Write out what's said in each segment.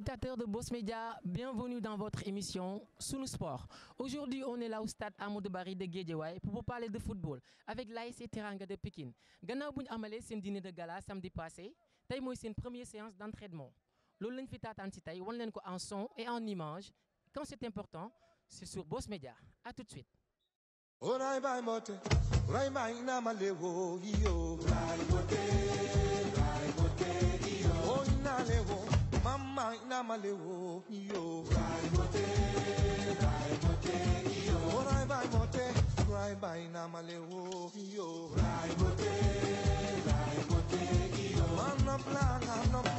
spectateurs de Boss Media, bienvenue dans votre émission le Sport. Aujourd'hui, on est là au stade de Barry de Guédiawaye pour vous parler de football avec l'AS Teranga de Pékin. Ganao bu Amalé, c'est dîner de gala samedi passé c'est une première séance d'entraînement loolu fitat fi on en son et en image quand c'est important c'est sur Boss Media à tout de suite. male wo yo. Rai mote, rai mote yo. Oh, rai bai mote, rai bai na male wo yo. Rai mote, rai mote yo. Man na plan, man plan.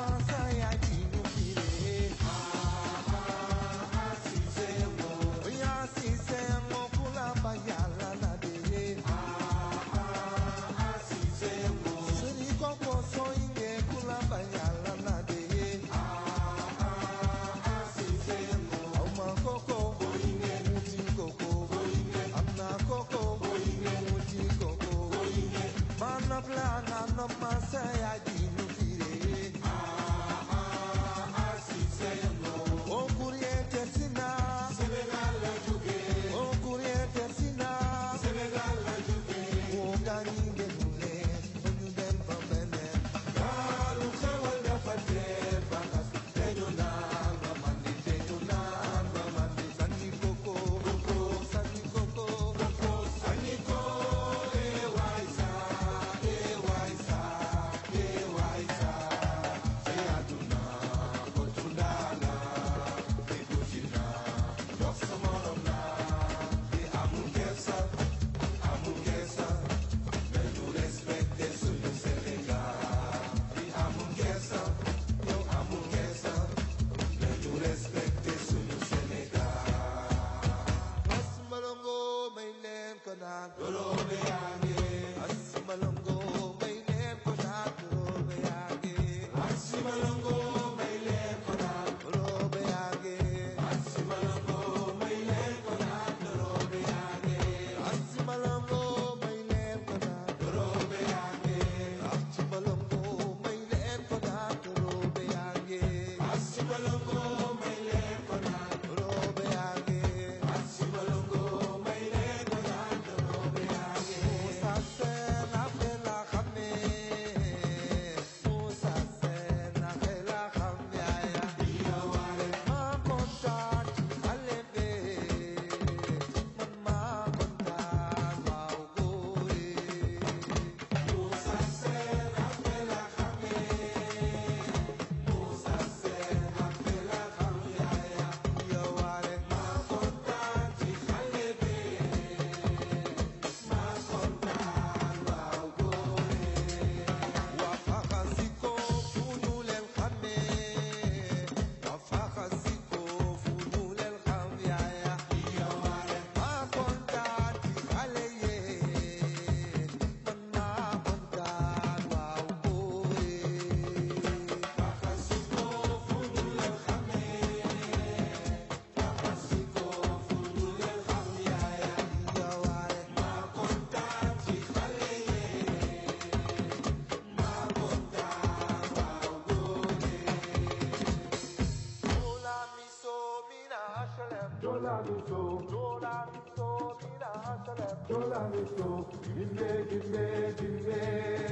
dolanışo, dinle dinle dinle.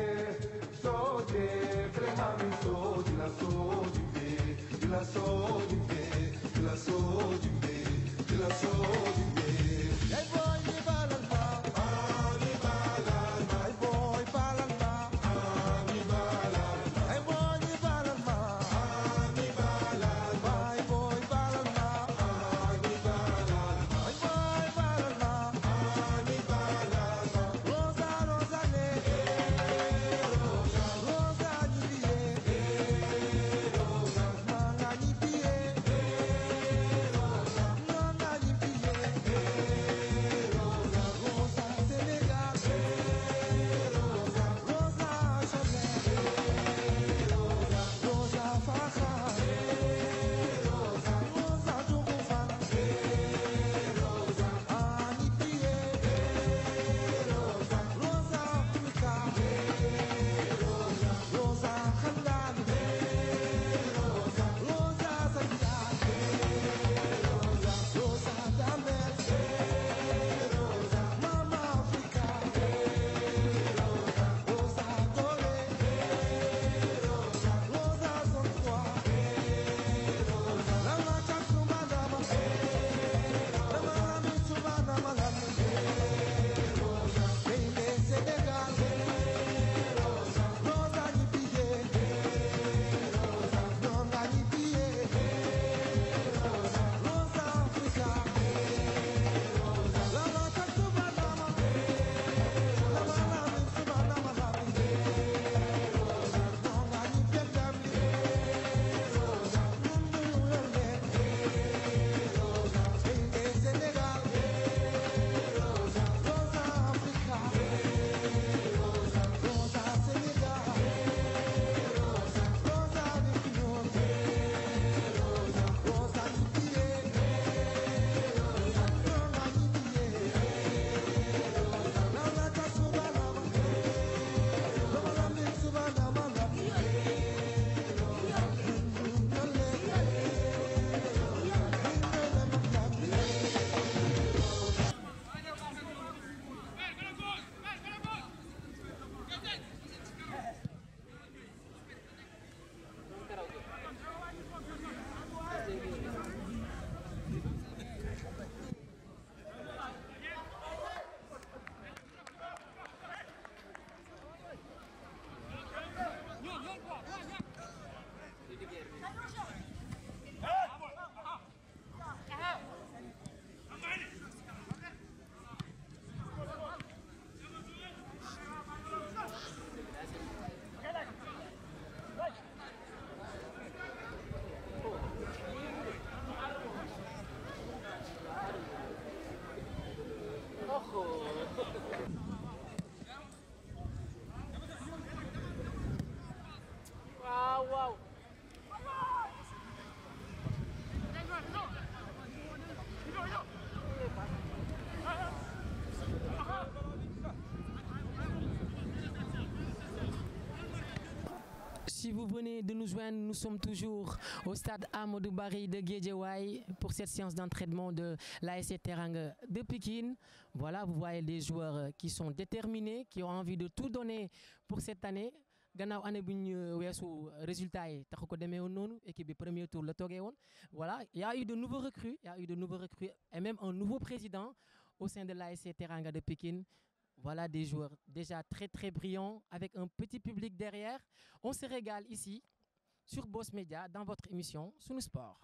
de nous joindre, nous sommes toujours au stade Amadou Barry de Guédiawaye pour cette séance d'entraînement de l'ASC Teranga de Pékin. Voilà, vous voyez les joueurs qui sont déterminés, qui ont envie de tout donner pour cette année. voilà année tour y a eu de nouveaux recrues y a eu de nouveaux recrues et même un nouveau président au sein de l'ASC Teranga de Pékin. Voilà des joueurs déjà très très brillants avec un petit public derrière. On se régale ici sur Boss Media dans votre émission Sous Sport.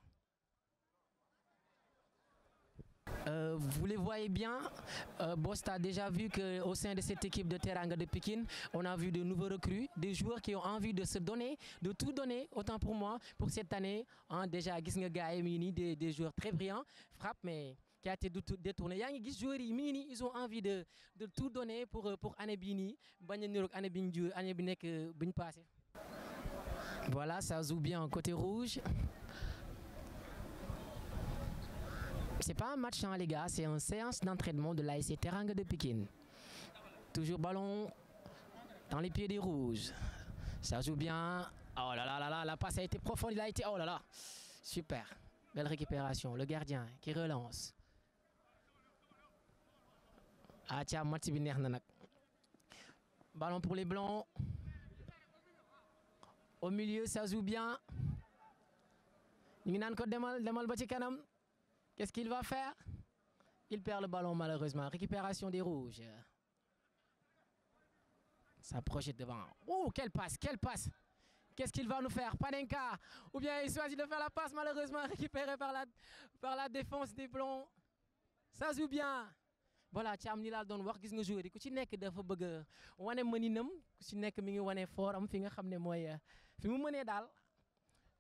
Euh, vous les voyez bien, euh, Boss a déjà vu qu'au sein de cette équipe de Teranga de Pékin, on a vu de nouveaux recrues, des joueurs qui ont envie de se donner, de tout donner, autant pour moi, pour cette année. Hein, déjà, Gisnga et Mini, des, des joueurs très brillants, frappe, mais qui a été détourné joueurs ils ont envie de de tout donner pour euh, pour Anebini, euh, voilà ça joue bien côté rouge c'est pas un match hein, les gars c'est une séance d'entraînement de l'ASC Teranga de Pékin. toujours ballon dans les pieds des rouges ça joue bien oh là là là là la passe a été profonde il a été oh là là super Belle récupération. Le gardien qui relance ah tiens moi c'est ballon pour les blancs au milieu ça joue bien il qu'est-ce qu'il va faire il perd le ballon malheureusement récupération des rouges ça projette devant oh quelle passe quelle passe Qu'est-ce qu'il va nous faire Panenka Ou bien il choisit de faire la passe malheureusement récupérée par la, par la défense des Blancs. Ça joue bien voilà ci am ni la doon wax gis nga joueur yi ku ci nek dafa bëgg wané wane mëninam ku ci nek mi ngi wane fort am fi nga xamné ne euh, fi mu mëné dal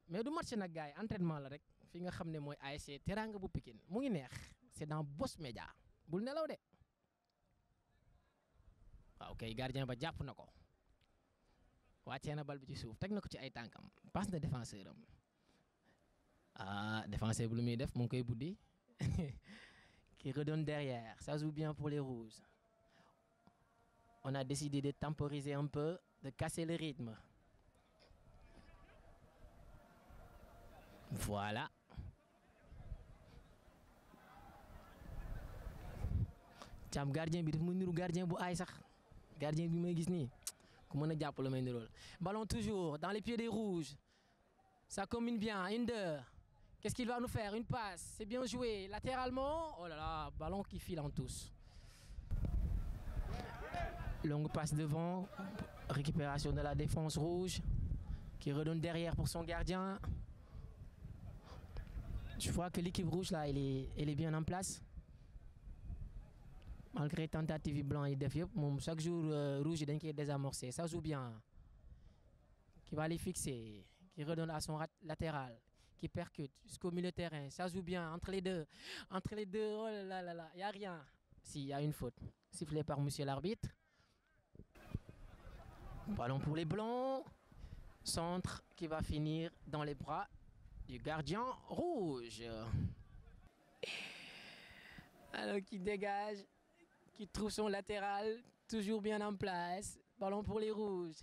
mais du match nak gaay entraînement la rek fi nga xamné ne ASC Teranga bu Pikine mu ngi neex c'est dans Boss Media bul nelaw dé waaw kay gardien ba japp nako wa wàccee na bal bi ci souf tek nako ci ay tankam passe de défenseur ah défenseur bu lu mi def mu ngi buddi qui redonne derrière. Ça joue bien pour les rouges. On a décidé de temporiser un peu, de casser le rythme. Voilà. Tcham, gardien bi daf gardien bu gardien du may gis on ku pour pour main la de Ballon toujours dans les pieds des rouges. Ça commune bien, une Qu'est-ce qu'il va nous faire Une passe, c'est bien joué. Latéralement, oh là là, ballon qui file en tous. Longue passe devant, récupération de la défense rouge, qui redonne derrière pour son gardien. Je vois que l'équipe rouge là, elle est, bien en place. Malgré tentative blanc et défi, chaque jour euh, rouge est désamorcé. Ça joue bien. Qui va les fixer, qui redonne à son latéral, percute jusqu'au milieu terrain. Ça joue bien entre les deux. Entre les deux, oh là là là, il n'y a rien. S'il y a une faute, sifflé par monsieur l'arbitre. Ballon pour les Blancs. Centre qui va finir dans les bras du gardien rouge. Alors qui dégage, qui trouve son latéral, toujours bien en place. Ballon pour les rouges.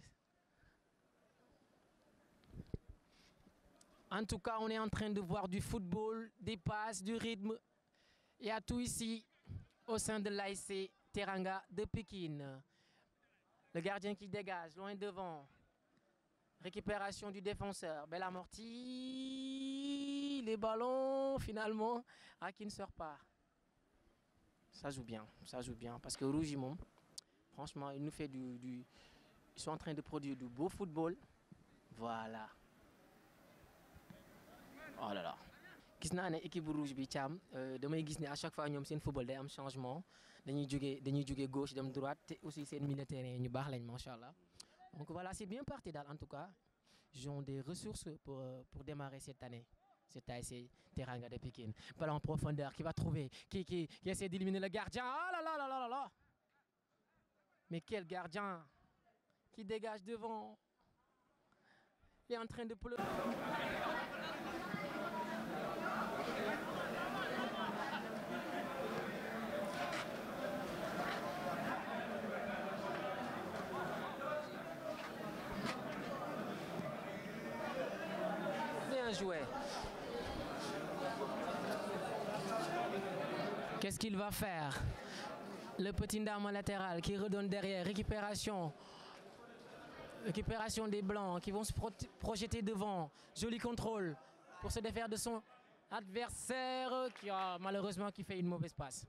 En tout cas, on est en train de voir du football, des passes, du rythme. Il y a tout ici au sein de l'AIC Teranga de Pékin. Le gardien qui dégage, loin devant. Récupération du défenseur. Belle amortie. Les ballons, finalement. à qui ne sort pas. Ça joue bien, ça joue bien. Parce que Rougimont, franchement, il nous fait du, du... Ils sont en train de produire du beau football. Voilà oh là là Kisna naa équipe rouge bi cham. Euh, à chaque fois nous seen football day am changement dañuy jógee dañuy gauche dem droite aussi seen de terrain donc voilà c'est bien parti dal en tout cas J'ai des ressources pour euh, pour démarrer cette année cette ASC Teranga de Pékin. ballon en profondeur qui va trouver qui qui qui essaie d'éliminer le gardien oh là là là là là mais quel gardien qui dégage devant il est en train de pleurer Qu'est-ce qu'il va faire Le petit dame latéral qui redonne derrière. Récupération. Récupération des blancs qui vont se projeter devant. Joli contrôle pour se défaire de son adversaire qui a malheureusement qui fait une mauvaise passe.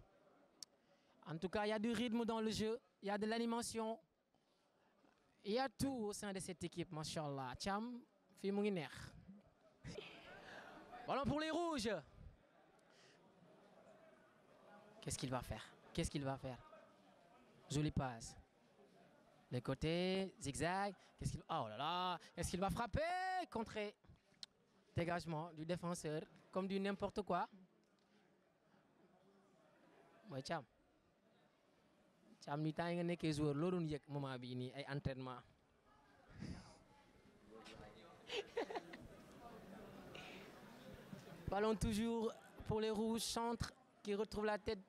En tout cas, il y a du rythme dans le jeu. Il y a de l'animation. Il y a tout au sein de cette équipe, Mashallah. Cham, Fimouiner. Voilà pour les rouges. Qu'est-ce qu'il va faire Qu'est-ce qu'il va faire Jolie passe. les côtés zigzag. Qu'est-ce qu'il Oh là là Est-ce qu'il va frapper Contrer. Dégagement du défenseur, comme du n'importe quoi. Ballon toujours pour les rouges, centre qui retrouve la tête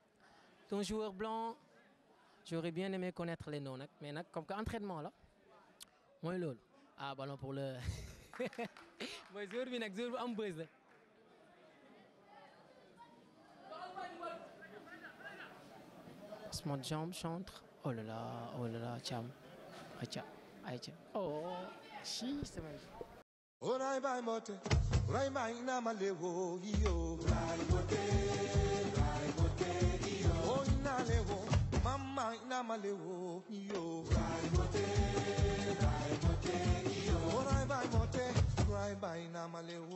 d'un joueur blanc. J'aurais bien aimé connaître les noms, mais comme entraînement là, Moi, loolu ah ballon pour le Moi je suis nag joueur buzz la. centre oh là là oh là là tcham, aïe oh si c'est magnifique. Orai bai mote, orai bai na malewo iyo. Orai mote, orai mote iyo. Ona lewo, mama ina malewo iyo. Orai mote, orai mote iyo. Orai bai mote, orai bai na malewo.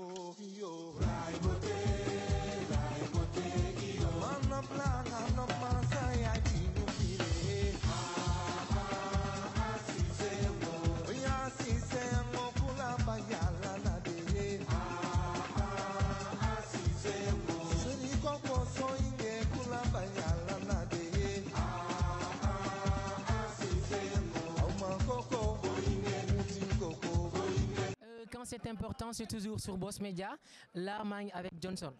c'est important c'est toujours sur Boss Media là avec Johnson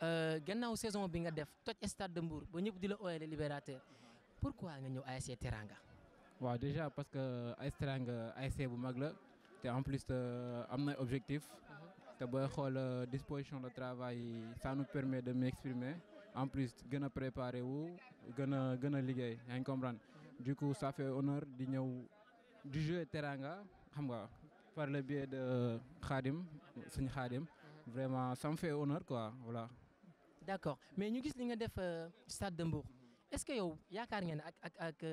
la euh, saison bi nga def toj stade de Mbour ba ñëpp di la ooyee libérateur pourquoi nga ñëw ASC Teranga. waaw déjà parce que ASC Teranga ASC bu mag la en plus un objectif. objectif. te booy xool euh, disposition de travail ça nous permet de m'exprimer en plus gën préparer wu gën a gën a du coup ça fait honneur di du jeu Teranga xam nga par le biais de Khadim, Seigne Khadim. Vraiment, ça me fait honneur quoi, voilà. D'accord. Mais nous avons fait Stade de Mbour. Est-ce que vous avez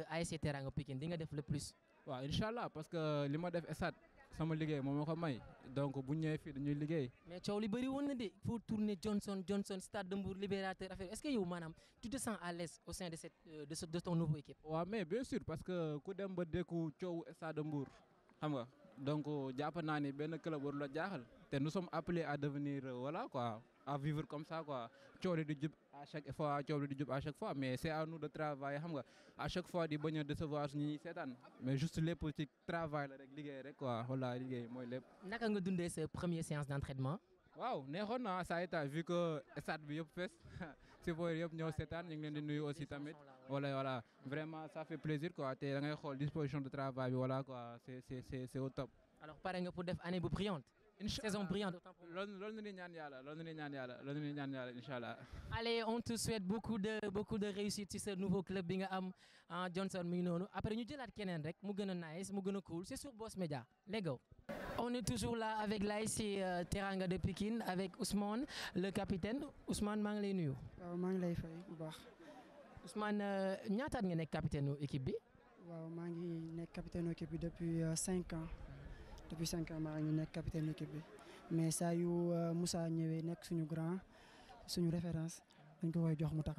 avec Terrain Teranga Pékin vous avez fait le plus Oui, Inch'Allah, parce que ce que j'ai fait sama liggéey moom moo ko may donc bu ñëwee fii dañuy liggéey. mais coow li bëri woon na il faut tourner Johnson Johnson Stade de Mbour Libérateur est-ce que yow Manam, tu te sens à l'aise au sein de cette euh, de de ton nouveau équipe. Wa, mais bien sûr parce que ku dem ba dëkku Stade de Mbour xam nga donc jàpp ni club warul le jaaxal nous sommes appelés à devenir euh, voilà quoi à vivre comme ça quoi coow di jub à chaque fois coow di jub à chaque fois mais c'est à nous de travailler xam nga à chaque fois di bonnes de décevoir suñu ñuy mais juste les politiques travaillent avec rek guerres, rek quoi voilà les mooy lépp. naka nga dundee sa première séance d'entraînement. waaw neexoon na ça a été vu que ça bi été fait. chauffeurs yëpp ñoo sétane ñu ngi leen di nuyu aussi tamit voilà voilà vraiment ça fait plaisir quoi té da ngay xol disposition de travail bi voilà quoi c'est c'est c'est au top alors par nga pour def année bu brillante saison euh, brillante. Allez, on te souhaite beaucoup de, beaucoup de réussite sur ce nouveau club Binga Am en hein, Johnson Mignono. Après, nous avons Kenen Rek, nice, cool. C'est sur Boss Media. Let's go. On est toujours là avec l'AIC euh, Teranga de Pékin, avec Ousmane, le capitaine. Ousmane, je suis là. Je suis là. Ousmane, euh, tu le capitaine de l'équipe Oui, je suis capitaine de l'équipe depuis 5 euh, ans depuis 5 ans maa ngi nekk capitaine l'équipe mais ça, euh, Moussa ñëwee nekk suñu grand suñu référence dañ ko koy jox mu takk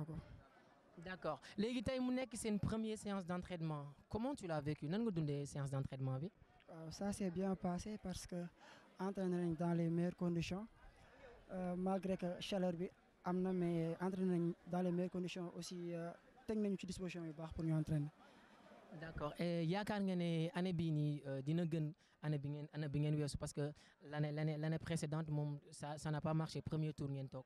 d'accord léegi tey mu nekk première séance d'entraînement comment tu l'as vécu nan nga dundee séance d'entraînement ça s'est bien passé parce que entraîné dans les meilleures conditions euh, malgré que chaleur bi mais entraîné dans les meilleures conditions aussi euh, teg nañu ci disposition yu pour ñu entraîner. D'accord. Et yakar nga né année bi ni euh, dina gën année bi ngeen année bi ngeen weesu parce que l'année, l'année, l'année précédente mom ça ça n'a pas marché premier tour ngeen tok.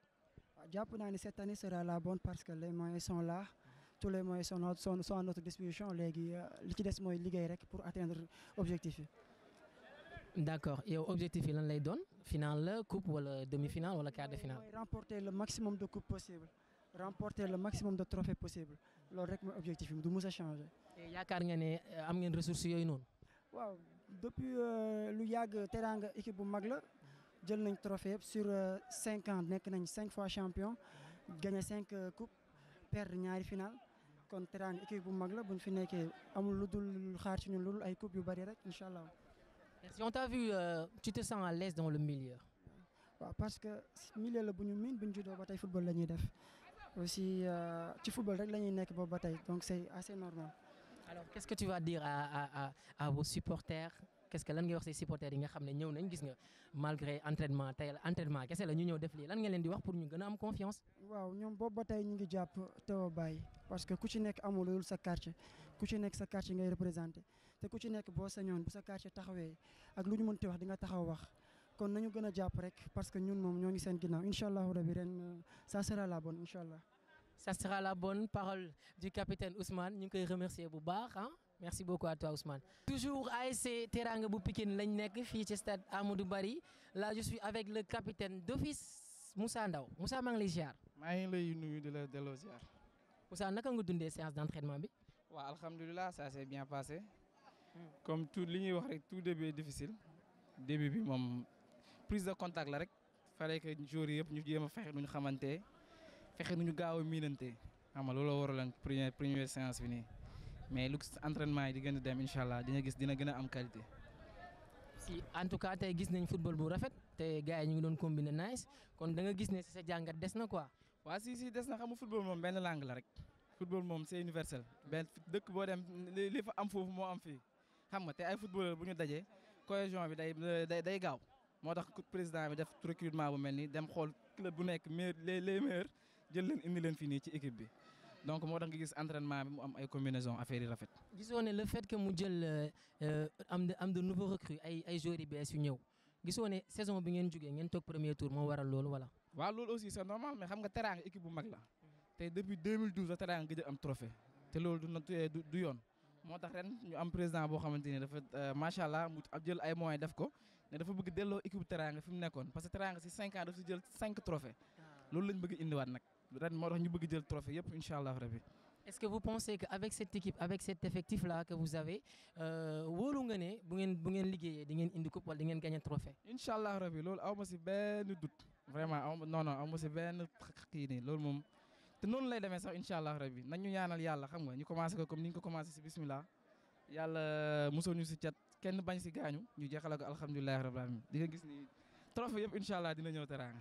Japp na cette année sera la bonne parce que les moyens sont là. tous les moyens sont sont sont à notre disposition légui euh, li ci des moy liggéey rek pour atteindre objectif D'accord. Et objectif lan lay donne finale la coupe la demi finale wala quart de finale. remporter le maximum de coupes possible remporter le maximum de trophées possible loolu rek objectif du changer. Eh, eh, ressources wow. Depuis que euh, l'équipe de Magla, j'ai eu trophée sur 5 euh, ans. J'ai 5 fois champion, gagné 5 euh, Coupes, euh, a perdu 2 finale. Contre l'équipe de Magla, j'ai fini avec l'équipe de Magla, j'ai eu une coupe, Inch'Allah. Si on t'a vu, euh, tu te sens à l'aise dans le milieu Parce que le milieu, c'est le milieu, c'est le football. Aussi, euh, le football, c'est le football, donc c'est assez normal alors qu'est-ce que tu vas dire à à à à vos supporters qu'est-ce que lan ngay wax say supporters yi nga xam ne ñëw nañ gis nga malgré entraînement tey entraînement kese la ñu ñëw def lii lan nga leen di wax pour ñu gën am confiance. waaw ñoom boobu ba tey ñu ngi jàpp taw bàyyi parce que ku ci nekk amulul sa quartier ku ci nekk sa quartier ngay représenté te ku ci nekk boo sañoon bu sa quartier taxawee ak lu ñu wax di nga taxaw wax. kon nañu gën a rek parce que ñun moom ñoo ngi seen ginnaaw incha allahu ren euh, ça sera la bonne Inshallah. Ça sera la bonne parole du capitaine Ousmane. Nous remercions remercier beaucoup. Hein. Merci beaucoup à toi Ousmane. Toujours ASC Teranga Boupikin Lagnek, Fitch Stade Amadou Bari. Là, je suis avec le capitaine d'office Moussa Ndaw. Moussa Mangligiar. Je de Moussa, comment tu as séance d'entraînement Oui, Alhamdulillah, ça s'est bien passé. Hmm. Comme tout le tout début est difficile. Début, prise de contact, il fallait que les nous devions faire une fexe nu ñu gaaw a miinante xam nga looloo waraloon première première séance bi nii mais lu entraînement yi di gën a dem incha allah dina gis dina gën a am qualité. si en tout cas tey gis nañ football bu rafet te gars yi ñu ngi doon combiner nice kon da nga gis ne si sa jàngat des na quoi. waa si si des na xam football moom benn langue la rek. football moom c'est universel. benn dëkk boo dem li fa am foofu moo am fii xam nga te ay footballeur bu ñu dajee cohésion bi day day day gaaw moo tax président bi def recrutement bu mel nii dem xool club bu nekk meilleur les les meilleurs jël leen indi leen fii nii ci équipe bi donc moo tax nga gis entraînement bi mu am ay combinaison affaire yi rafet. gisoo ne le fait que mu jël euh, am de am de nouveau recrue ay ay joueurs yi bees yu ñëw gisoo ne saison bi ngeen jugee ngeen toog premier tour moo waral loolu wala. waaw loolu aussi c'est normal mais xam nga teraanga équipe bu mag la tey depuis 2012 la teraanga gëj am trophée te loolu du du yoon. moo tax ren ñu am président boo xamante ni dafa euh, macha allah mu jël ay moyens def ko ne dafa bëgg delloo équipe teraanga fi mu nekkoon parce que teraanga si 5 ans dafa si jël cinq trophées ah. loolu lañ bëgg indiwaat nag ren moo tax ñu bëgg jël trophée yëpp inshallah rabbi est-ce que vous pensez que avec cette équipe avec cet effectif là que vous avez euh, wóolu nga ne bu ngeen bu ngeen liggéeyee di ngeen indi coupe wala di ngeen gagner trophée. inshallah rabbi rabi awma ci ma doute vraiment aw non non awma ci si benn kii nii loolu moom te lay démé sax inshallah rabbi nañu ñaanal yalla xam nga ñu commencé ko comme ni ñu ko commencé si bismillah yalla euh, musso ñu ci cat kenn bañ ci gañu ñu jéxalako ko alhamdulilah alamin di nga gis ni trophée yëpp inshallah dina ñëw teranga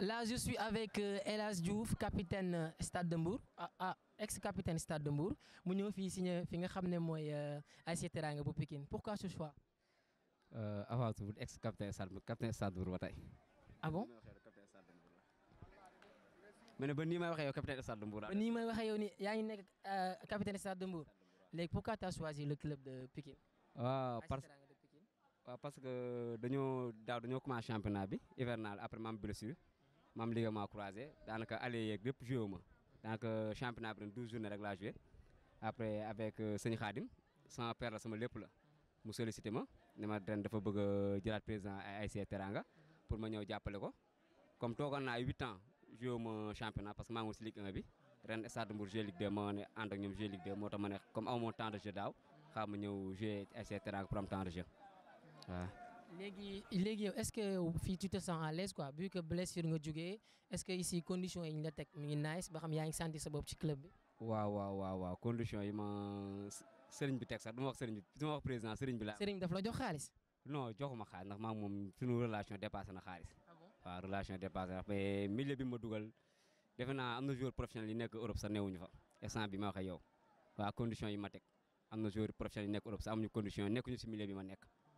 Là, je suis avec euh, Elas Diouf, capitaine euh, Stade de Mbour, ah, ah, ex-capitaine Stade de Mbour. Mu ñëw fii signé fi nga xam ne mooy euh, Teranga pourquoi ce choix. avant tout ex-capitaine Stade ah capitaine Stade de Mbour ah bon. Mais ne ni ma may capitaine Stade de Mbour. Ni ma may yow ni ya ngi capitaine Stade de Mbour. léegi pourquoi tu as choisi le club de Pékin? Ah parce parce que nous avons dañoo championnat bi hivernal après ma blessure mam liga maa croisé danaka aller yeeg lépp joué wu ma daanaka championnat bi 12 journées rek la jouer après avec euh, seigne Khadim sans père sama lépp la mu sollicité ma ne ma ren dafa bëgg a jëlaat président ic Teranga pour ma ñëw jappalé ko comme togon na 8 ans joué ma championnat parce que ma ngi ci Ligue 1 bi ren Stade Mbour joué Ligue 2 ma ne and ak ñom joué Ligue 2 moo tax ma ne comme aw temps de jeu daw xaar ñëw jouer ic Teranga pour am temps de jeu waaw léegi léegi yow est-ce que fii tu te sens à l'aise quoi vu que blessure nga jógee est-ce que ici conditions yi ñu la teg mi nice ba xam yaa ngi sentir sa bopp ci club bi. waaw waaw waaw waaw conditions yi ma sëriñ bi teg sax du ma wax une bi du ma wax président sëriñ bi la. sëriñ daf la jox xaalis. non joxuma xaalis ndax maa moom suñu relation dépassé na Ah bon. relation dépassé na mais milieu bi ma dougal, defe naa am na joueur professionnel n'est que Europe sax newuñu fa instant bi ma wax ak yow waaw conditions yi ma teg am na joueur professionnel yi nekk Europe sax il condition nekkuñu si milieu bi ma nekk.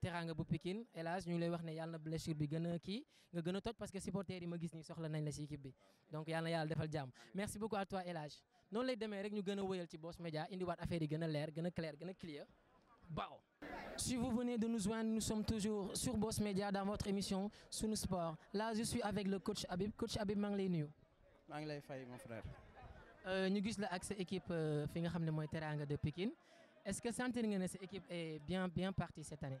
Teranga de Pikine hélas ñu lay wax né yalla na blessure bi gëna ki nga gëna toj parce que supporters yi ma gis ni soxla nañ la ci équipe bi donc yalla yalla défal merci beaucoup à toi hélas Non lay démé rek ñu gëna wëyel ci Boss Média indiwaat affaire yi gëna a gëna clair gëna Si vous venez de nous joindre, nous sommes toujours sur Boss Media dans votre émission Sunu Sport. Là, je suis avec le coach Abib. Coach Abib, comment ngi lay nuyu. ngi mon frère. Nous euh, gis la à l'équipe équipe euh, fi Teranga de Pékin. est-ce que vous sentez que équipe est bien bien partie cette année.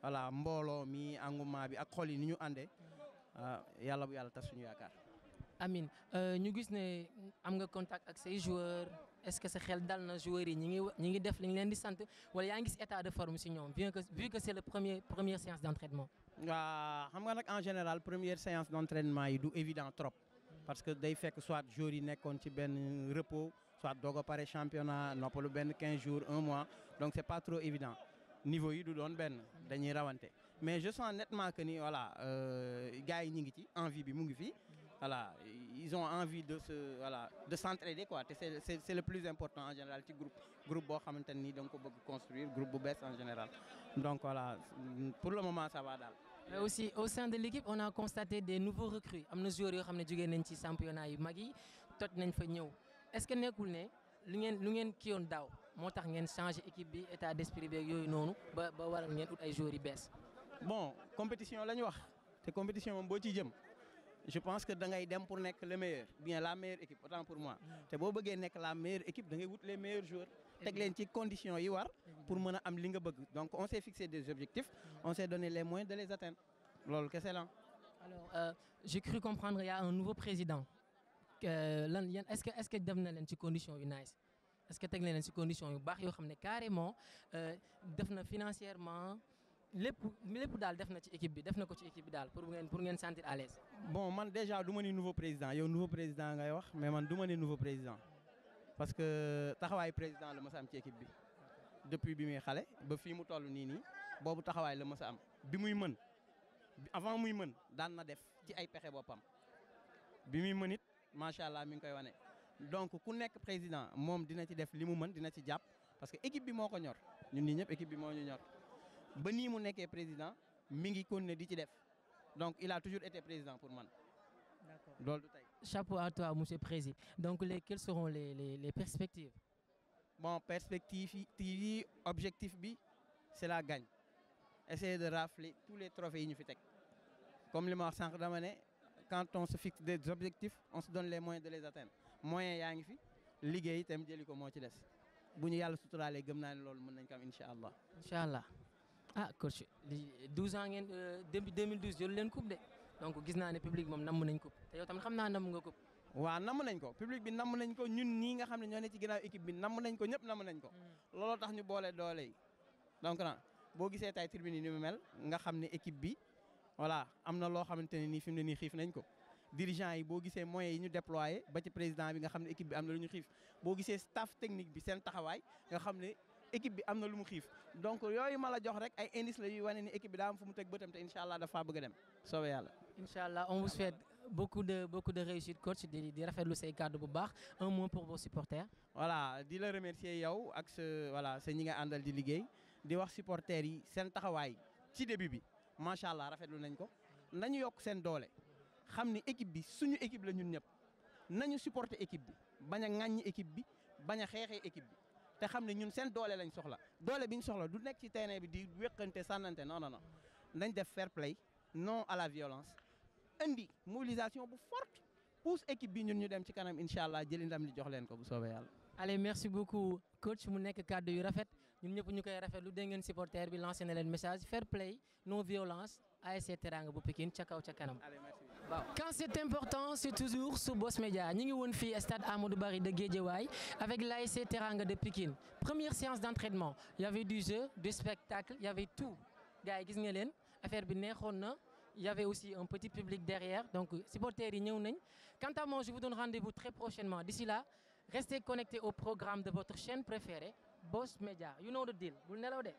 voilà mbolo mi anguma bi ak xol ni ñu àndee ah, yalla bu yalla tas suñu yaakaar. Amin euh, ñu gis né am nga contact ak ces joueurs est-ce que sa xel dal na joueurs yi ñi ngi ñi ngi def li ñu leen di sant wala ya nga gis état de forme ci ñom bien que vu que c'est le premier première séance d'entraînement. waaw xam nga nak en général première séance d'entraînement yi du évident trop. parce que day fekk soit joueur yi nekkoon ci ben repos soit dogo a championnat nopolu ben 15 jours 1 mois donc c'est pas trop évident niveau yi du doon benn dañuy rawante mais je sens nettement que ni voilà euh, gars yi ñu ngi ci envie bi mu ngi fi voilà ils ont envie de se voilà de s'entraider quoi c'est c'est le plus important en général ci groupe groupe bo xamante ni da nga ko bëgg construire groupe bu en général donc voilà pour le moment ça va dal mais aussi au sein de l'équipe on a constaté des nouveaux recrues am joueurs yo xamné ne nañ ci championnat yi mag yi nañ fa ñëw est-ce que nekkul ne lu vous lu ngeen kiyoon daaw moo changé équipe bi état d'esprit beeg que noonu ba ba waral ay joueurs yu bon compétition c'est une wax compétition moom boo jëm je pense que da ngay dem pour être le meilleur bien la meilleure équipe autant pour moi Si vous voulez être la meilleure équipe da ngay wut les meilleurs joueurs. teg leen ci conditions yi war pour mën a am li nga donc on s'est fixé des objectifs mm. on s'est donné les moyens de les atteindre Qu'est-ce que alors euh, j'ai cru comprendre il y a un nouveau président lan est-ce que est-ce que def na ci condition yu nice est-ce que teg len ci condition yu bax yo xamné carrément euh, def na financièrement lepp lepp dal def na ci équipe bi def na ko ci équipe bi dal pour ngeen pour ngeen sentir à l'aise bon man déjà duma ma ni nouveau président yow nouveau président ngay wax mais man duma ni nouveau président parce que taxaway président la ma sa am ci équipe bi depuis bi muy xalé ba fi mu tollu nii nii boobu la ma am bi muy mën avant muy mën daan na def ci ay pexé bopam bi muy mën macha allah mi koy wane. donc ku nekk président mom dina ci def li mu dina ci parce que équipe bi moko ñor ñun ñii ñep équipe bi mo ñu ñor ba ni mu nekkee président mi ngi continuer di ci def donc il a toujours été président pour man. D'accord. loolu du chapeau à toi monsieur Président. donc les quelles seront les les les perspectives. bon perspective yi objectif bi c'est la gagne essayer de rafler tous les trophées yi ñu fi tek comme li ma wax sank dama né quand on se fixe des objectifs on se donne les moyens de les atteindre moyens yaa ngi fi liggéey itam jëli ko moo ci des bu ñu yàlla suturaalee gëm naa ne loolu mën nañ ko am incha allah. incha allah ah coach 12 ans ngeen euh, depuis 2012 jëlu leen coupe de donc gis naa ne public moom namm nañ coupe te yow tamit xam naa namm nga coupe. wa namm nañ ko public bi namm nañ ko ñun ñi nga xam ñoo ne ci ginaaw équipe bi namm nañ ko ñep namm nañ ko. Mm. lolo tax ñu boole doole donc na bo gisee tay tribune ni mu mel nga xam ne équipe bi voilà am na loo xamante ni nii ni xif nañ ko dirigeant yi bo gisee moyens yi ñu déployer ba ci président bi nga xamné équipe bi am na lu ñu xiif boo staff technique bi seen taxaway nga xamné équipe bi am na lu mu xiif donc yooyu ma la jox rek ay indices la yu wane ni équipe bi da am fu mu teg bëtam te inshallah da fa bëgg dem soobee yalla inshallah on vous souhaite beaucoup de beaucoup de réussite coach di di rafetlu say cadre bu baax un mot pour vos supporters. voilà di la remercier yow ak ce voilà c'est ñi nga àndal di liggéey di wax supporters yi seen taxaway ci début bi macha allah rafetlu nañ ko nañu yok sen doole xamni ni équipe bi suñu équipe la ñun ñep nañu supporter équipe bi baña a ŋàññi équipe bi baña a xeexee équipe bi te xamni ñun sen doole lañ soxla doole biñ soxla du nekk ci terrain bi di wéqante sànnante non non non nañ def fair play non à la violence indi mobilisation bu forte pousse équipe bi ñun ñu dem ci kanam inshallah allah jëli ndam li jox len ko bu soobé yalla allez merci beaucoup coach mu nekk cadre yu rafet. Nous ñëpp ñu koy rafetlu dégg ngeen supporter bi lancé na message fair play non violence ASC Teranga bu Pikine ca kaw ca kanam. quand c'est important c'est toujours sur Boss Media Nous ngi fait fii stade Amadou Barry de Guédiawaye avec l'ASC Teranga de Pikine première séance d'entraînement, il y' avait du jeu du spectacle il y' avait tout gars vous gis nga affaire bi il y avait aussi un petit public derrière donc supporters yi ñëw nañ quant à moi je vous donne rendez-vous très prochainement d'ici là restez connectés au programme de votre chaîne préférée Boss Media yu know the deal bul nelaw de.